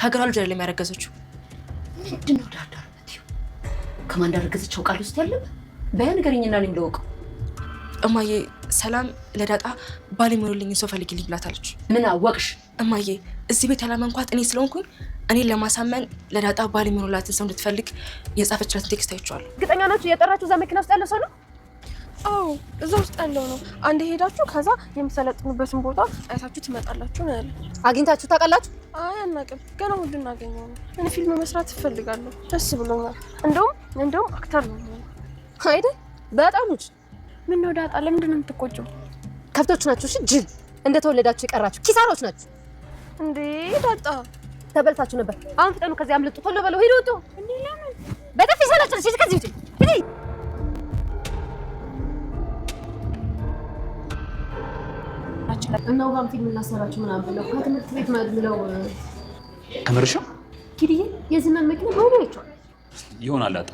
ከግራ ልጅ አይደለም ያረገዘችው። ምንድን ነው ዳዳር ነትዩ ከማን እንዳረገዘች አውቃለሁ ውስጥ ያለበ በያ ንገረኝና እኔም ልወቀው። እማዬ ሰላም ለዳጣ ባል የሚሆንልኝ ሰው ፈልጊልኝ ብላታለች። ምን አወቅሽ? እማዬ እዚህ ቤት ያላመንኳት እኔ ስለሆንኩኝ እኔን ለማሳመን ለዳጣ ባል የሚሆንላትን ሰው እንድትፈልግ የጻፈችለትን ቴክስት አይቼዋለሁ። እርግጠኛ ናችሁ? የጠራችሁ እዛ መኪና ውስጥ ያለ ሰው ነው አዎ እዛ ውስጥ ያለው ነው። አንድ ሄዳችሁ ከዛ የሚሰለጥኑበትን ቦታ አይታችሁ ትመጣላችሁ ነው ያለ። አግኝታችሁ ታውቃላችሁ? አይ አናውቅም፣ ገና ሁሉ እናገኘው ነው። እኔ ፊልም መስራት እፈልጋለሁ፣ ደስ ብሎኛል። እንደውም እንደውም አክተር ነው አይደል? በጣም ውጭ። ምን ነው ዳጣ፣ ለምንድን ነው ከብቶች ናችሁ፣ እሺ ጅል፣ እንደተወለዳችሁ የቀራችሁ ኪሳሮች ናችሁ። እንዴ ዳጣ፣ ተበልታችሁ ነበር። አሁን ፍጠኑ፣ ከዚህ አምልጡ፣ ቶሎ በለው፣ ሂዱ። ወጡ እንዴ! ለምን በጥፊ ሰላችሁ? ከዚህ ውጭ እና ውባም ፊልም እናሰራችሁ ምናምን ብለው ከትምህርት ቤት ብለው ተመርሸው ኪድዬ የዝመን መኪና በሆኑ ይቸዋል ይሆናል። አጣ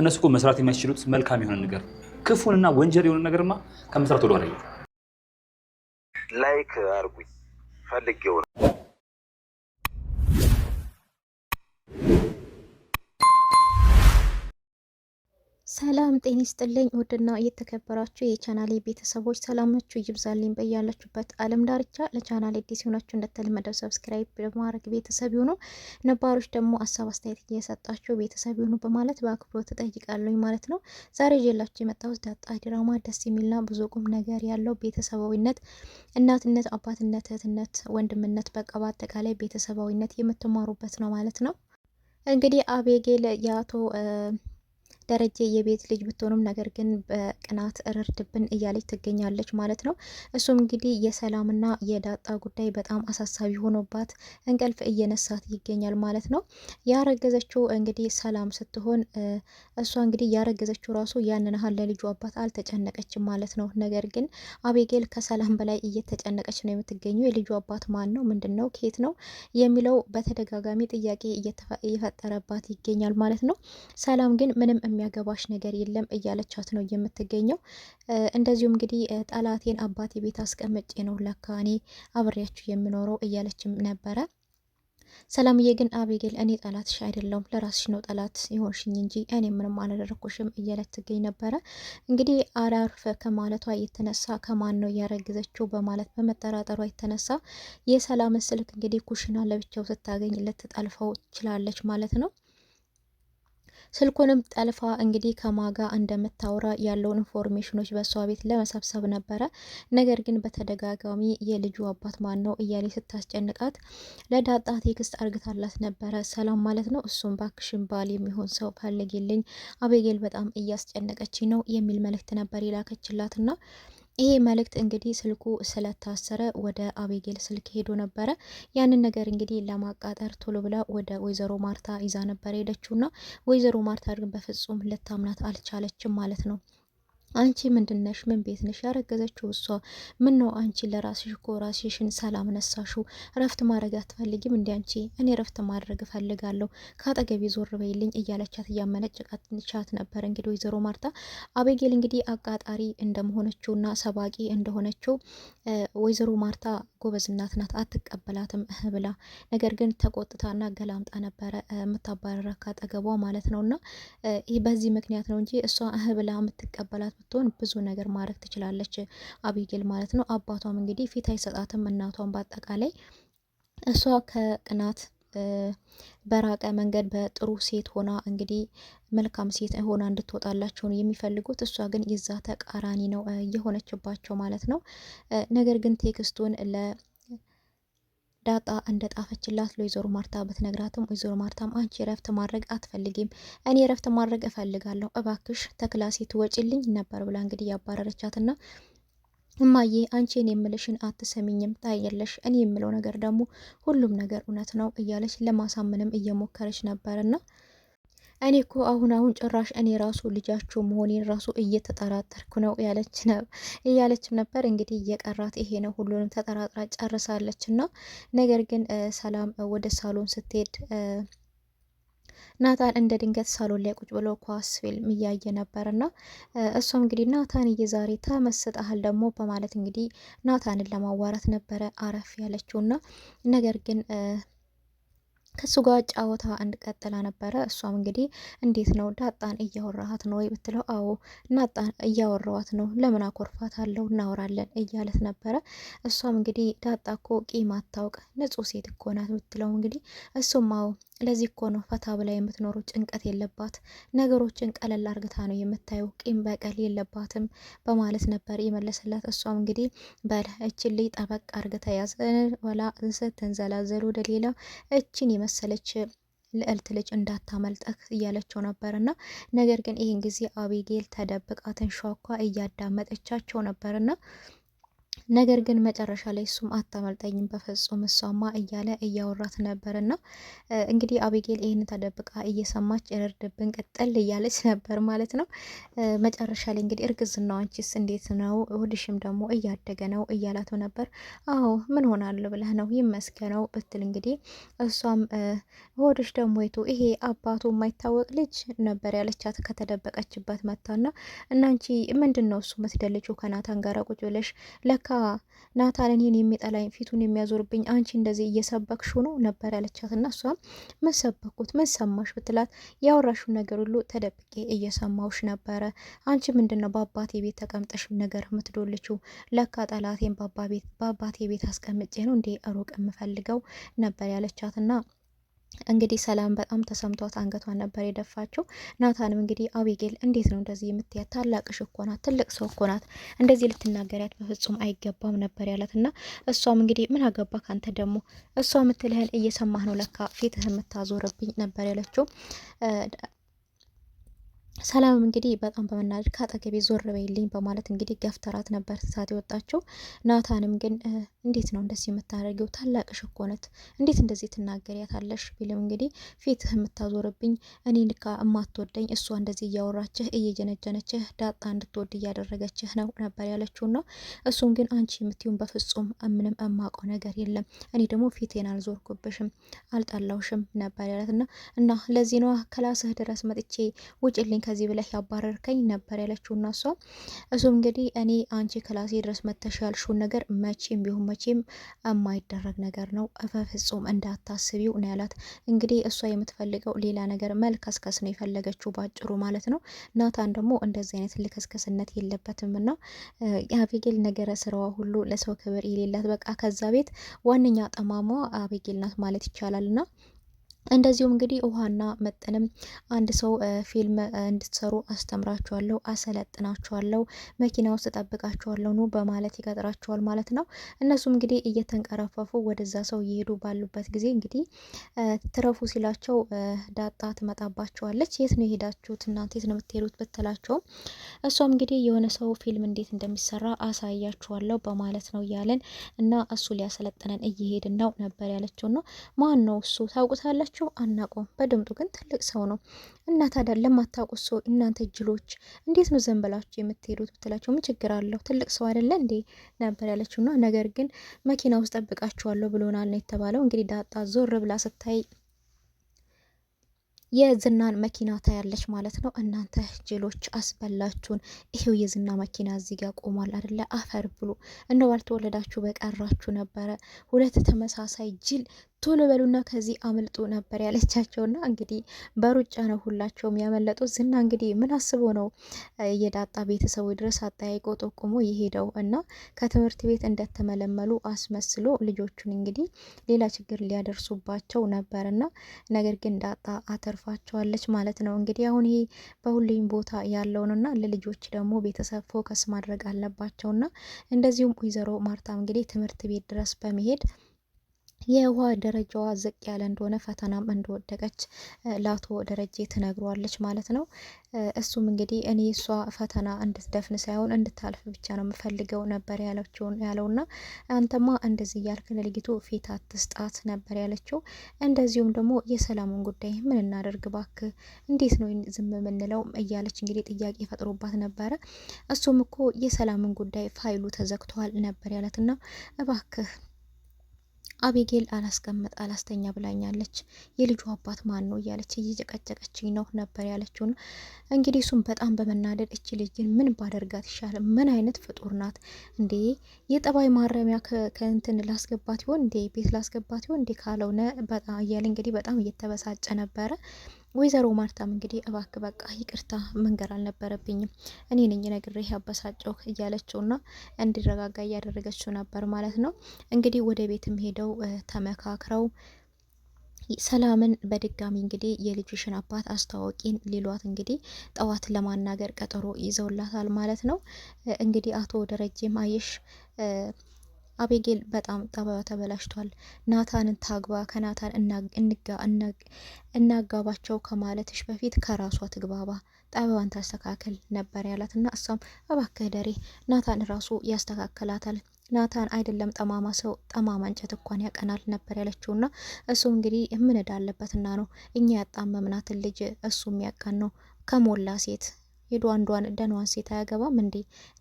እነሱ እኮ መስራት የሚያስችሉት መልካም የሆነ ነገር ክፉንና ወንጀል የሆነ ነገርማ ከመስራት ወደኋላ ላይክ አድርጉኝ ፈልጌው ነው። ሰላም ጤና ይስጥልኝ። ውድና እየተከበራችሁ የቻናሌ ቤተሰቦች ሰላማችሁ ይብዛልኝ በያላችሁበት ዓለም ዳርቻ። ለቻናሌ አዲስ ሆናችሁ እንደተለመደው ሰብስክራይብ በማድረግ ቤተሰብ ይሁኑ። ነባሮች ደግሞ ሀሳብ አስተያየት እየሰጣችሁ ቤተሰብ ይሁኑ በማለት በአክብሮት እጠይቃለሁ ማለት ነው። ዛሬ ይዤላችሁ የመጣሁት ዳጣ ድራማ ደስ የሚልና ብዙ ቁም ነገር ያለው ቤተሰባዊነት፣ እናትነት፣ አባትነት፣ እህትነት፣ ወንድምነት በቃ በአጠቃላይ ቤተሰባዊነት የምትማሩበት ነው ማለት ነው። እንግዲህ አቤጌል የአቶ ደረጀ የቤት ልጅ ብትሆኑም ነገር ግን በቅናት እረርድብን እያለች ትገኛለች ማለት ነው። እሱም እንግዲህ የሰላምና የዳጣ ጉዳይ በጣም አሳሳቢ ሆኖባት እንቅልፍ እየነሳት ይገኛል ማለት ነው። ያረገዘችው እንግዲህ ሰላም ስትሆን እሷ እንግዲህ ያረገዘችው ራሱ ያንን ለልጁ አባት አልተጨነቀችም ማለት ነው። ነገር ግን አቤጌል ከሰላም በላይ እየተጨነቀች ነው የምትገኘው። የልጁ አባት ማን ነው? ምንድን ነው? ኬት ነው? የሚለው በተደጋጋሚ ጥያቄ እየፈጠረባት ይገኛል ማለት ነው። ሰላም ግን ምንም የሚያገባሽ ነገር የለም እያለቻት ነው የምትገኘው። እንደዚሁም እንግዲህ ጠላቴን አባቴ ቤት አስቀምጬ ነው ለካ እኔ አብሬያችሁ የምኖረው እያለችም ነበረ። ሰላምዬ ግን አቤጌል እኔ ጠላትሽ አይደለሁም ለራስሽ ነው ጠላት የሆንሽኝ እንጂ እኔ ምንም አላደረግኩሽም እያለች ትገኝ ነበረ። እንግዲህ አራርፈ ከማለቷ የተነሳ ከማን ነው ያረግዘችው በማለት በመጠራጠሯ የተነሳ የሰላምን ስልክ እንግዲህ ኩሽና ለብቻው ስታገኝ ልትጠልፈው ችላለች ማለት ነው። ስልኩንም ጠልፋ እንግዲህ ከማጋ እንደምታወራ ያለው ኢንፎርሜሽኖች በእሷ ቤት ለመሰብሰብ ነበረ። ነገር ግን በተደጋጋሚ የልጁ አባት ማን ነው እያሌ ስታስጨንቃት ለዳጣ ቴክስት አርግታላት ነበረ። ሰላም ማለት ነው። እሱም ባክሽን ባል የሚሆን ሰው ፈልግልኝ፣ አቤጌል በጣም እያስጨነቀች ነው የሚል መልእክት ነበር የላከችላትና ይሄ መልእክት እንግዲህ ስልኩ ስለታሰረ ወደ አቤጌል ስልክ ሄዶ ነበረ። ያንን ነገር እንግዲህ ለማቃጠር ቶሎ ብላ ወደ ወይዘሮ ማርታ ይዛ ነበረ ሄደችው ና ወይዘሮ ማርታ ግን በፍጹም ልታምናት አልቻለችም ማለት ነው። አንቺ ምንድነሽ? ምን ቤት ነሽ? ያረገዘችው እሷ። ምን ነው አንቺ ለራስሽ እኮ ራስሽን ሰላም ነሳሽው። እረፍት ማድረግ አትፈልጊም እንዲ? አንቺ እኔ እረፍት ማድረግ እፈልጋለሁ፣ ከአጠገቤ ዞር በይልኝ እያለቻት እያመነጨቃቻት ነበር። እንግዲህ ወይዘሮ ማርታ አቤጌል እንግዲህ አቃጣሪ እንደመሆነችውና ሰባቂ እንደሆነችው ወይዘሮ ማርታ ጎበዝ እናት ናት አትቀበላትም ብላ ነገር ግን ተቆጥታና ገላምጣ ነበረ የምታባረራ ካጠገቧ ማለት ነው። እና ይህ በዚህ ምክንያት ነው እንጂ እሷ እህ ብላ የምትቀበላት ብትሆን ብዙ ነገር ማድረግ ትችላለች አቢጌል ማለት ነው። አባቷም እንግዲህ ፊት አይሰጣትም እናቷም በአጠቃላይ እሷ ከቅናት በራቀ መንገድ በጥሩ ሴት ሆና እንግዲህ መልካም ሴት ሆና እንድትወጣላቸውን የሚፈልጉት እሷ ግን የዛ ተቃራኒ ነው የሆነችባቸው ማለት ነው። ነገር ግን ቴክስቱን ዳጣ እንደ ጣፈችላት ለወይዘሮ ማርታ ብትነግራትም ወይዘሮ ማርታም አንቺ እረፍት ማድረግ አትፈልጊም፣ እኔ እረፍት ማድረግ እፈልጋለሁ፣ እባክሽ ተክላሴት ወጪልኝ ነበር ብላ እንግዲህ ያባረረቻትና እማዬ አንቺ እኔ የምልሽን አትሰሚኝም ታየለሽ፣ እኔ የምለው ነገር ደግሞ ሁሉም ነገር እውነት ነው እያለች ለማሳመንም እየሞከረች ነበርና እኔ እኮ አሁን አሁን ጭራሽ እኔ ራሱ ልጃችሁ መሆኔን ራሱ እየተጠራጠርኩ ነው ያለች ነው እያለችም ነበር። እንግዲህ የቀራት ይሄ ነው። ሁሉንም ተጠራጥራ ጨርሳለች እና ነገር ግን ሰላም ወደ ሳሎን ስትሄድ ናታን እንደ ድንገት ሳሎን ላይ ቁጭ ብሎ ኳስ ፊልም እያየ ነበርና እሷም እንግዲህ ናታን እየዛሬ ተመስጠሃል ደግሞ በማለት እንግዲህ ናታንን ለማዋራት ነበረ አረፍ ያለችውና ነገር ግን ከሱ ጋር ጫወታ እንድቀጥላ ነበረ። እሷም እንግዲህ እንዴት ነው ዳጣን እያወራሃት ነው ወይ ብትለው፣ አዎ ናጣን እያወራዋት ነው፣ ለምን አኮርፋት አለው እናወራለን እያለት ነበረ። እሷም እንግዲህ ዳጣ እኮ ቂም አታውቅ ንጹሕ ሴት እኮ ናት ብትለው፣ እንግዲህ እሱም አዎ ለዚህ እኮ ነው ፈታ ብላ የምትኖረው። ጭንቀት የለባት፣ ነገሮችን ቀለል አርግታ ነው የምታየው፣ ቂም በቀል የለባትም በማለት ነበር የመለሰላት። እሷም እንግዲህ በል እችን ልይ ጠበቅ አርግታ ያዝ ወላ ስትንዘላዘሉ ወደ እችን የመሰለች ልዕልት ልጅ እንዳታመልጠክ እያለችው ነበር እና ነገር ግን ይህን ጊዜ አቢጌል ተደብቃ ተንሿኳ እያዳመጠቻቸው ነበር እና ነገር ግን መጨረሻ ላይ እሱም አታመልጠኝም በፍጹም እሷማ እያለ እያወራት ነበር። ነበርና እንግዲህ አቢጌል ይህን ተደብቃ እየሰማች እርድብን ቅጥል እያለች ነበር ማለት ነው። መጨረሻ ላይ እንግዲህ አንቺስ እንዴት ነው? ውድሽም ደግሞ እያደገ ነው እያላት ነበር። አዎ ምን ሆናለሁ ብለህ ነው ይመስገነው ብትል እንግዲህ እሷም ሆድሽ ደግሞ የቱ ይሄ አባቱ የማይታወቅ ልጅ ነበር ያለቻት ከተደበቀችበት መታና እናንቺ ምንድን ነው እሱ ምትደልጩ ከናታን ጋር ቁጭ ብለሽ ለካ ናታን እኔን የሚጠላኝ ፊቱን የሚያዞርብኝ አንቺ እንደዚህ እየሰበክሽ ነው ነበር ያለቻት እና እሷም ምን ሰበኩት ምን ሰማሽ ብትላት ያወራሽው ነገር ሁሉ ተደብቄ እየሰማውሽ ነበረ። አንቺ ምንድነው በአባቴ ቤት ተቀምጠሽ ነገር ምትዶልችው? ለካ ጠላቴን በአባቴ ቤት አስቀምጬ ነው እንዴ ሩቅ የምፈልገው ነበር እና እንግዲህ ሰላም በጣም ተሰምቷት አንገቷን ነበር የደፋችው። ናታንም እንግዲህ አቤጌል እንዴት ነው እንደዚህ የምትያት? ታላቅሽ እኮ ናት፣ ትልቅ ሰው እኮ ናት። እንደዚህ ልትናገሪያት በፍጹም አይገባም ነበር ያላት እና እሷም እንግዲህ ምን አገባ ካንተ ደግሞ እሷ ምትልህን እየሰማህ ነው ለካ ፊትህ የምታዞርብኝ ነበር ያለችው። ሰላምም እንግዲህ በጣም በመናደድ ከአጠገቤ ዞር በይልኝ በማለት እንግዲህ ገፍተራት ነበር ትሳት የወጣቸው ናታንም ግን እንዴት ነው እንደዚህ የምታደርጊው? ታላቅሽ እኮ ናት፣ እንዴት እንደዚህ ትናገሪያታለሽ? ቢልም እንግዲህ ፊትህ የምታዞርብኝ እኔ ልካ እማትወደኝ እሷ እንደዚህ እያወራችህ እየጀነጀነችህ ዳጣ እንድትወድ እያደረገችህ ነው ነበር ነው። እሱም ግን አንቺ የምትዩን በፍጹም ምንም እማውቀው ነገር የለም፣ እኔ ደግሞ ፊቴን አልዞርኩብሽም አልጠላውሽም ነበር ያለትና እና ለዚህ ነዋ ከላስህ ድረስ መጥቼ ውጭልኝ ከዚህ ብለህ ያባረርከኝ ነበር ያለችው እና እሷ እሱም እንግዲህ እኔ አንቺ ክላሴ ድረስ መተሽ ያልሽውን ነገር መቼም ቢሆን መቼም የማይደረግ ነገር ነው፣ በፍጹም እንዳታስቢው ነው ያላት። እንግዲህ እሷ የምትፈልገው ሌላ ነገር መልከስከስ ነው የፈለገችው ባጭሩ ማለት ነው። ናታን ደግሞ እንደዚህ አይነት ልከስከስነት የለበትም እና የአቤጌል ነገረ ስራዋ ሁሉ ለሰው ክብር የሌላት በቃ ከዛ ቤት ዋነኛ ጠማማ አቤጌል ናት ማለት ይቻላል እና እንደዚሁም እንግዲህ ውሃና መጠንም አንድ ሰው ፊልም እንድትሰሩ አስተምራችኋለሁ፣ አሰለጥናችኋለሁ፣ መኪና ውስጥ ጠብቃችኋለሁ ኑ በማለት ይቀጥራችኋል ማለት ነው። እነሱም እንግዲህ እየተንቀረፈፉ ወደዛ ሰው እየሄዱ ባሉበት ጊዜ እንግዲህ ትረፉ ሲላቸው ዳጣ ትመጣባቸዋለች። የት ነው የሄዳችሁት እናንተ የት ነው የምትሄዱት ብትላቸውም እሷም እንግዲህ የሆነ ሰው ፊልም እንዴት እንደሚሰራ አሳያችኋለሁ በማለት ነው እያለን እና እሱ ሊያሰለጥነን እየሄድን ነው ነበር ያለችው ነው። ማን ነው እሱ ታውቁታላችሁ? እንደሆናችሁ አናውቀውም። በድምጡ ግን ትልቅ ሰው ነው እና ታዲያ ለማታውቁት ሰው እናንተ ጅሎች እንዴት ነው ዘንበላችሁ የምትሄዱት ብትላቸው ምን ችግር አለው ትልቅ ሰው አይደለ እንዴ ነበር ያለችው። ና ነገር ግን መኪና ውስጥ ጠብቃችኋለሁ ብሎናል ነው የተባለው። እንግዲህ ዳጣ ዞር ብላ ስታይ የዝናን መኪና ታያለች ማለት ነው። እናንተ ጅሎች አስበላችሁን! ይሄው የዝና መኪና እዚህ ጋር ቆሟል አደለ? አፈር ብሎ እንደው ባልተወለዳችሁ በቀራችሁ ነበረ። ሁለት ተመሳሳይ ጅል ቶሎ በሉና ከዚህ አምልጡ ነበር ያለቻቸውና እንግዲህ በሩጫ ነው ሁላቸውም ያመለጡት። ዝና እንግዲህ ምን አስቦ ነው የዳጣ ቤተሰቡ ድረስ አጠያይቆ ጠቁሞ የሄደው እና ከትምህርት ቤት እንደተመለመሉ አስመስሎ ልጆቹን እንግዲህ ሌላ ችግር ሊያደርሱባቸው ነበርና ነገር ግን ዳጣ አተርፋቸዋለች ማለት ነው። እንግዲህ አሁን ይሄ በሁሌም ቦታ ያለውንና ለልጆች ደግሞ ቤተሰብ ፎከስ ማድረግ አለባቸውና እንደዚሁም ወይዘሮ ማርታም እንግዲህ ትምህርት ቤት ድረስ በመሄድ የውሃ ደረጃዋ ዝቅ ያለ እንደሆነ ፈተናም እንደወደቀች ለአቶ ደረጀ ትነግሯለች ማለት ነው። እሱም እንግዲህ እኔ እሷ ፈተና እንድትደፍን ሳይሆን እንድታልፍ ብቻ ነው የምፈልገው ነበር ያለችውን ያለው ያለውና አንተማ እንደዚህ እያልክ ለልጅቱ ፊት አትስጣት ነበር ያለችው። እንደዚሁም ደግሞ የሰላሙን ጉዳይ ምን እናደርግ ባክ፣ እንዴት ነው ዝም የምንለው እያለች እንግዲህ ጥያቄ ፈጥሮባት ነበረ። እሱም እኮ የሰላምን ጉዳይ ፋይሉ ተዘግቷል ነበር ያለትና እባክህ አቤጌል አላስቀምጥ አላስተኛ ብላኛለች፣ የልጁ አባት ማን ነው እያለች እየጨቀጨቀችኝ ነው ነበር ያለችውን። እንግዲህ እሱም በጣም በመናደድ እች ልጅ ምን ባደርጋት ይሻላል? ምን አይነት ፍጡር ናት እንዴ? የጠባይ ማረሚያ ከእንትን ላስገባት ይሆን እንዴ? ቤት ላስገባት ይሆን እንዴ? ካለው ነ በጣም እያለ እንግዲህ በጣም እየተበሳጨ ነበረ። ወይዘሮ ማርታም እንግዲህ እባክ በቃ ይቅርታ መንገር አልነበረብኝም እኔ ነኝ ነግሬህ ያበሳጨው እያለችውና እንዲረጋጋ እያደረገችው ነበር ማለት ነው። እንግዲህ ወደ ቤትም ሄደው ተመካክረው ሰላምን በድጋሚ እንግዲህ የልጅሽን አባት አስተዋወቂን ሊሏት እንግዲህ ጠዋት ለማናገር ቀጠሮ ይዘውላታል ማለት ነው። እንግዲህ አቶ ደረጀም አየሽ አቤጌል በጣም ጠባዩ ተበላሽቷል። ናታንን ታግባ ከናታን እናጋባቸው ከማለትሽ በፊት ከራሷ ትግባባ ጣቢዋን ታስተካከል ነበር ያላት እና እሷም እባክህ ደሬ ናታን ራሱ ያስተካከላታል። ናታን አይደለም ጠማማ ሰው ጠማማ እንጨት እንኳን ያቀናል ነበር ያለችው እና እሱ እንግዲህ ምን ነው እኛ ያጣመምናትን ልጅ እሱ የሚያቀን ነው ከሞላ ሴት ሄዶ የዷንዷን ደኗን ሴት አያገባም እንዴ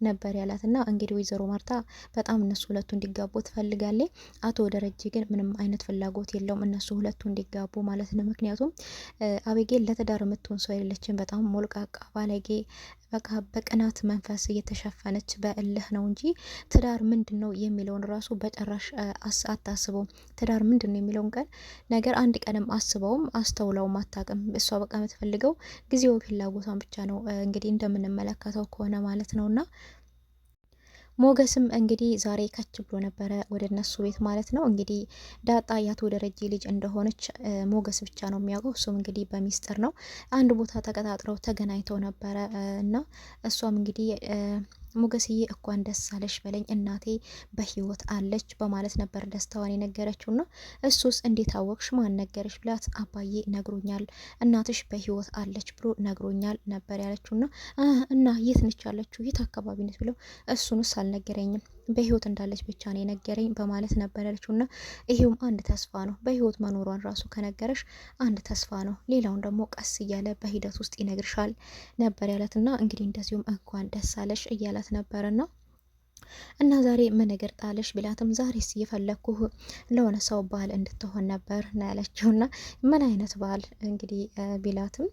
ነበር ያላት። እና እንግዲህ ወይዘሮ ማርታ በጣም እነሱ ሁለቱ እንዲጋቡ ትፈልጋለች። አቶ ደረጀ ግን ምንም አይነት ፍላጎት የለውም እነሱ ሁለቱ እንዲጋቡ ማለት ነው። ምክንያቱም አቤጌል ለትዳር የምትሆን ሰው አይደለችም። በጣም ሞልቃቃ ባለጌ በቃ በቅናት መንፈስ እየተሸፈነች በእልህ ነው እንጂ ትዳር ምንድን ነው የሚለውን ራሱ በጨራሽ አታስበውም። ትዳር ምንድን ነው የሚለውን ቀን ነገር አንድ ቀንም አስበውም አስተውለውም አታውቅም። እሷ በቃ የምትፈልገው ጊዜው ፍላጎቷን ብቻ ነው እንግዲህ እንደምንመለከተው ከሆነ ማለት ነውና ሞገስም እንግዲህ ዛሬ ከች ብሎ ነበረ ወደ እነሱ ቤት ማለት ነው። እንግዲህ ዳጣ የአቶ ደረጀ ልጅ እንደሆነች ሞገስ ብቻ ነው የሚያውቀው። እሱም እንግዲህ በሚስጥር ነው አንድ ቦታ ተቀጣጥረው ተገናኝተው ነበረ እና እሷም እንግዲህ ሞገስዬ እኳን ደስ አለሽ በለኝ እናቴ በህይወት አለች በማለት ነበር ደስታዋን የነገረችው። ና እሱስ እንዴት አወቅሽ ማን ነገረሽ ብላት አባዬ ነግሮኛል እናትሽ በህይወት አለች ብሎ ነግሮኛል ነበር ያለችው። ና እና የት ነች ያለችው የት አካባቢ ነች ብለው እሱንስ አልነገረኝም በህይወት እንዳለች ብቻ ነው የነገረኝ በማለት ነበር ያለችው እና ይሄውም አንድ ተስፋ ነው። በህይወት መኖሯን ራሱ ከነገረሽ አንድ ተስፋ ነው። ሌላውን ደግሞ ቀስ እያለ በሂደት ውስጥ ይነግርሻል ነበር ያላት እና እንግዲህ እንደዚሁም እንኳን ደስ አለሽ እያላት ነበር ነው እና ዛሬ ምን እግር ጣልሽ ቢላትም ዛሬስ እየፈለግኩህ ለሆነ ሰው ባል እንድትሆን ነበር ና ያለችው። ና ምን አይነት ባል እንግዲህ ቢላትም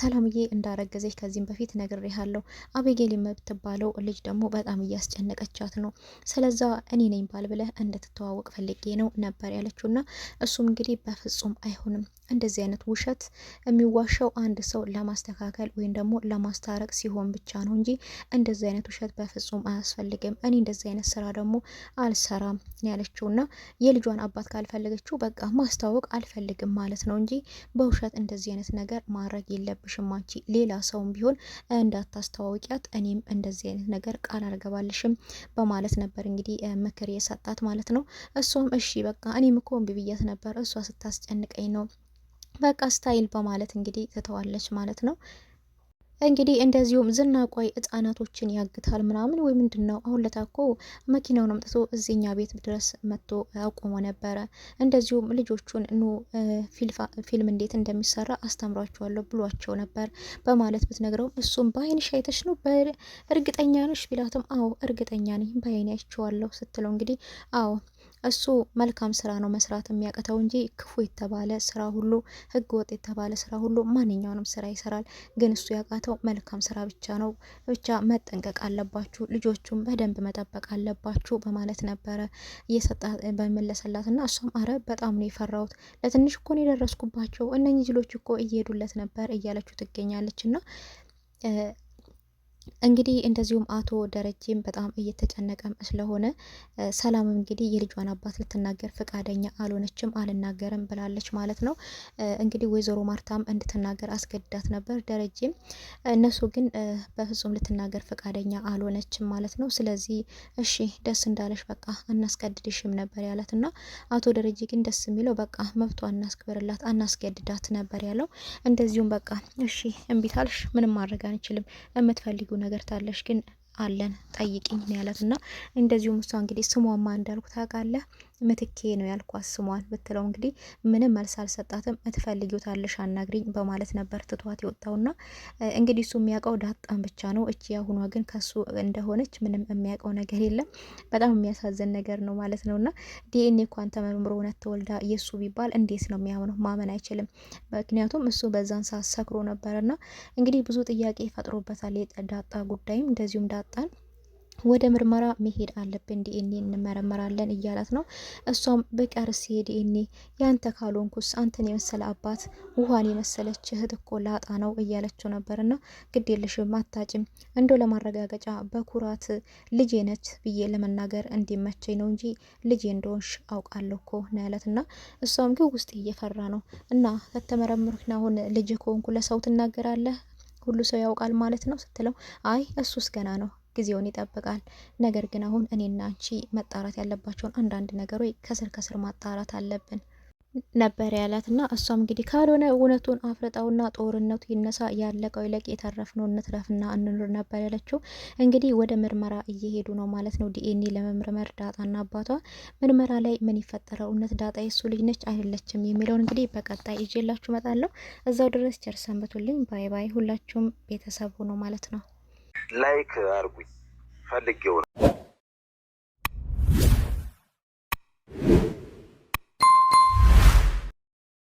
ሰላምዬ እንዳረገዘች ከዚህም በፊት ነግሬሃለሁ። አቤጌል የምትባለው ልጅ ደግሞ በጣም እያስጨነቀቻት ነው። ስለዛ እኔ ነኝ ባል ብለህ እንድትተዋወቅ ፈልጌ ነው ነበር ያለችው። ና እሱም እንግዲህ በፍጹም አይሆንም እንደዚህ አይነት ውሸት የሚዋሻው አንድ ሰው ለማስተካከል ወይም ደግሞ ለማስታረቅ ሲሆን ብቻ ነው እንጂ እንደዚህ አይነት ውሸት በፍጹም አያስፈልግም አልፈልግም፣ እኔ እንደዚህ አይነት ስራ ደግሞ አልሰራም ያለችው እና የልጇን አባት ካልፈለገችው በቃ ማስታወቅ አልፈልግም ማለት ነው እንጂ በውሸት እንደዚህ አይነት ነገር ማድረግ የለብሽም አንቺ። ሌላ ሰውም ቢሆን እንዳታስተዋውቂያት፣ እኔም እንደዚህ አይነት ነገር ቃል አልገባልሽም በማለት ነበር እንግዲህ ምክር የሰጣት ማለት ነው። እሷም እሺ በቃ እኔም እኮ እምቢ ብያት ነበር፣ እሷ ስታስጨንቀኝ ነው በቃ ስታይል በማለት እንግዲህ ትተዋለች ማለት ነው። እንግዲህ እንደዚሁም ዝና ቆይ ህጻናቶችን ያግታል ምናምን ወይ ምንድን ነው? አሁን ለታኮ መኪናውን አምጥቶ እዚኛ ቤት ድረስ መጥቶ አቁሞ ነበረ። እንደዚሁም ልጆቹን ኑ ፊልም እንዴት እንደሚሰራ አስተምሯቸዋለሁ ብሏቸው ነበር በማለት ብትነግረውም እሱም በአይንሽ አይተሽ ነው በእርግጠኛ ነሽ ቢላትም አዎ እርግጠኛ ነኝ በአይን አይቼዋለሁ ስትለው እንግዲህ አዎ እሱ መልካም ስራ ነው መስራት የሚያቅተው እንጂ ክፉ የተባለ ስራ ሁሉ ህግ ወጥ የተባለ ስራ ሁሉ ማንኛውንም ስራ ይሰራል። ግን እሱ ያቃተው መልካም ስራ ብቻ ነው። ብቻ መጠንቀቅ አለባችሁ፣ ልጆቹም በደንብ መጠበቅ አለባችሁ በማለት ነበረ እየሰጣ በመለሰላት እና እሷም አረ በጣም ነው የፈራሁት፣ ለትንሽ እኮን የደረስኩባቸው፣ እነኚህ ጅሎች እኮ እየሄዱለት ነበር እያለችው ትገኛለች እና እንግዲህ እንደዚሁም አቶ ደረጀም በጣም እየተጨነቀም ስለሆነ ሰላም እንግዲህ የልጇን አባት ልትናገር ፈቃደኛ አልሆነችም። አልናገርም ብላለች ማለት ነው። እንግዲህ ወይዘሮ ማርታም እንድትናገር አስገድዳት ነበር። ደረጀም እነሱ ግን በፍጹም ልትናገር ፈቃደኛ አልሆነችም ማለት ነው። ስለዚህ እሺ ደስ እንዳለሽ በቃ እናስቀድድሽም ነበር ያላት እና አቶ ደረጀ ግን ደስ የሚለው በቃ መብቷ እናስክብርላት፣ አናስገድዳት ነበር ያለው። እንደዚሁም በቃ እሺ እምቢታልሽ ምንም ማድረግ አንችልም የምትፈልጉ ነገር ታለሽ ግን አለን ጠይቅኝ ያላት እና እንደዚሁም እሷ እንግዲህ ስሟማ እንዳልኩ ታውቃለህ ምትኬ ነው ያልኳት ስሟን ብትለው እንግዲህ ምንም መልስ አልሰጣትም። እትፈልጊው ታለሽ አናግሪኝ በማለት ነበር ትቷት የወጣውና እንግዲህ እሱ የሚያውቀው ዳጣን ብቻ ነው። እቺ ያሁኗ ግን ከሱ እንደሆነች ምንም የሚያውቀው ነገር የለም። በጣም የሚያሳዝን ነገር ነው ማለት ነውና ዲኤንኤ እንኳን ተመርምሮ እውነት ተወልዳ የሱ ቢባል እንዴት ነው የሚያምነው? ማመን አይችልም። ምክንያቱም እሱ በዛን ሰዓት ሰክሮ ነበርና እንግዲህ ብዙ ጥያቄ ፈጥሮበታል። የዳጣ ጉዳይም እንደዚሁም ዳጣን ወደ ምርመራ መሄድ አለብን፣ ዲኤንኤ እንመረመራለን እያላት ነው። እሷም በቀርስ ዲኤንኤ ያንተ ካልሆንኩስ አንተን የመሰለ አባት ውሃን የመሰለች እህት እኮ ላጣ ነው እያለችው ነበርና ግድ የለሽም አታጭም፣ እንዶ ለማረጋገጫ በኩራት ልጄ ነች ብዬ ለመናገር እንዲመቸኝ ነው እንጂ ልጄ እንደሆንሽ አውቃለሁ እኮ ነው ያለትና እሷም ግን ውስጥ እየፈራ ነው እና ከተመረምርክና አሁን ልጅ ከሆንኩ ለሰው ትናገራለህ ሁሉ ሰው ያውቃል ማለት ነው ስትለው አይ እሱስ ገና ነው ጊዜውን ይጠብቃል። ነገር ግን አሁን እኔና አንቺ መጣራት ያለባቸውን አንዳንድ ነገሮች ከስር ከስር ማጣራት አለብን ነበር ያላት እና እሷም እንግዲህ ካልሆነ እውነቱን አፍርጠውና ጦርነቱ ይነሳ ያለቀው ይለቅ የተረፍነው እንትረፍና እንኑር ነበር ያለችው። እንግዲህ ወደ ምርመራ እየሄዱ ነው ማለት ነው፣ ዲኤንኤ ለመምርመር ዳጣና አባቷ። ምርመራ ላይ ምን ይፈጠረው፣ እውነት ዳጣ የሱ ልጅ ነች አይደለችም የሚለውን እንግዲህ በቀጣይ ይዤላችሁ እመጣለሁ። እዛው ድረስ ቸር ሰንብቱልኝ። ባይ ባይ። ሁላችሁም ቤተሰቡ ነው ማለት ነው። ላይክ አድርጉኝ ፈልጌው ነው።